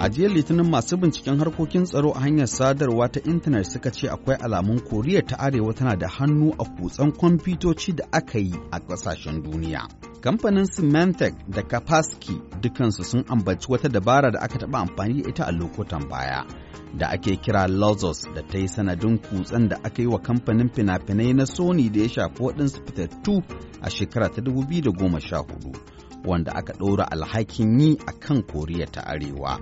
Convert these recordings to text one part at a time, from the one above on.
A jiya Litinin masu binciken harkokin tsaro a hanyar sadarwa ta intanet suka ce akwai alamun Koriya ta Arewa tana da hannu a kutsan kwamfutoci da aka yi a ƙasashen duniya. Kamfanin Symantec da Kapaski dukansu sun ambaci wata dabara da aka taɓa amfani da ita a lokutan baya da ake kira Lazos da ta yi sanadin kutsen da aka yi wa kamfanin fina-finai na Sony da ya shafi waɗansu fitattu a shekara ta 2014 wanda aka ɗora alhakin yi a kan Koriya ta Arewa.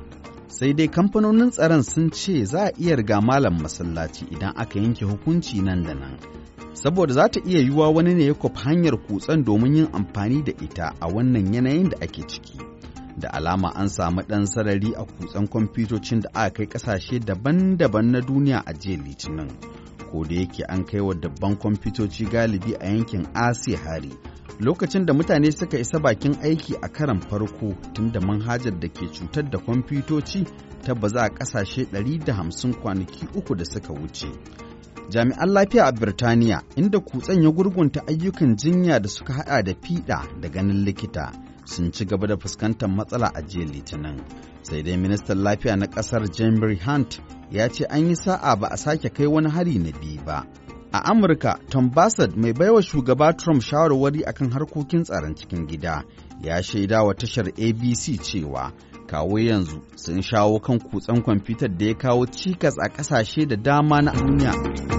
Sai dai kamfanonin tsaron sun ce za a iya riga malam masallaci idan aka yanke hukunci nan da nan. saboda za ta iya yiwuwa wani ne ya kwafi hanyar kutsen domin yin amfani da ita a wannan yanayin da ake ciki. Da alama an samu ɗan sarari a kutsen kwamfutocin da aka kai ƙasashe daban-daban na duniya a jiya Litinin. Ko da yake an kai wa dabban kwamfutoci galibi a yankin Asiya hari, lokacin da mutane suka isa bakin aiki a karan farko tun da manhajar da ke cutar da kwamfutoci ta baza a ƙasashe 150 kwanaki uku da suka wuce. jami'an lafiya a Birtaniya inda kutsen ya gurgunta ayyukan jinya da suka hada da fiɗa da ganin likita sun ci gaba da fuskantar matsala a jiya litinin. Sai dai ministan lafiya na ƙasar Jambury Hunt ya ce an yi sa'a ba a sake kai wani hari na biyu ba. A Amurka, Tom Bassett mai baiwa shugaba Trump shawarwari akan harkokin tsaron cikin gida ya shaida wa tashar ABC cewa kawo yanzu sun shawo kan kutsen kwamfutar da ya kawo cikas a ƙasashe da dama na duniya.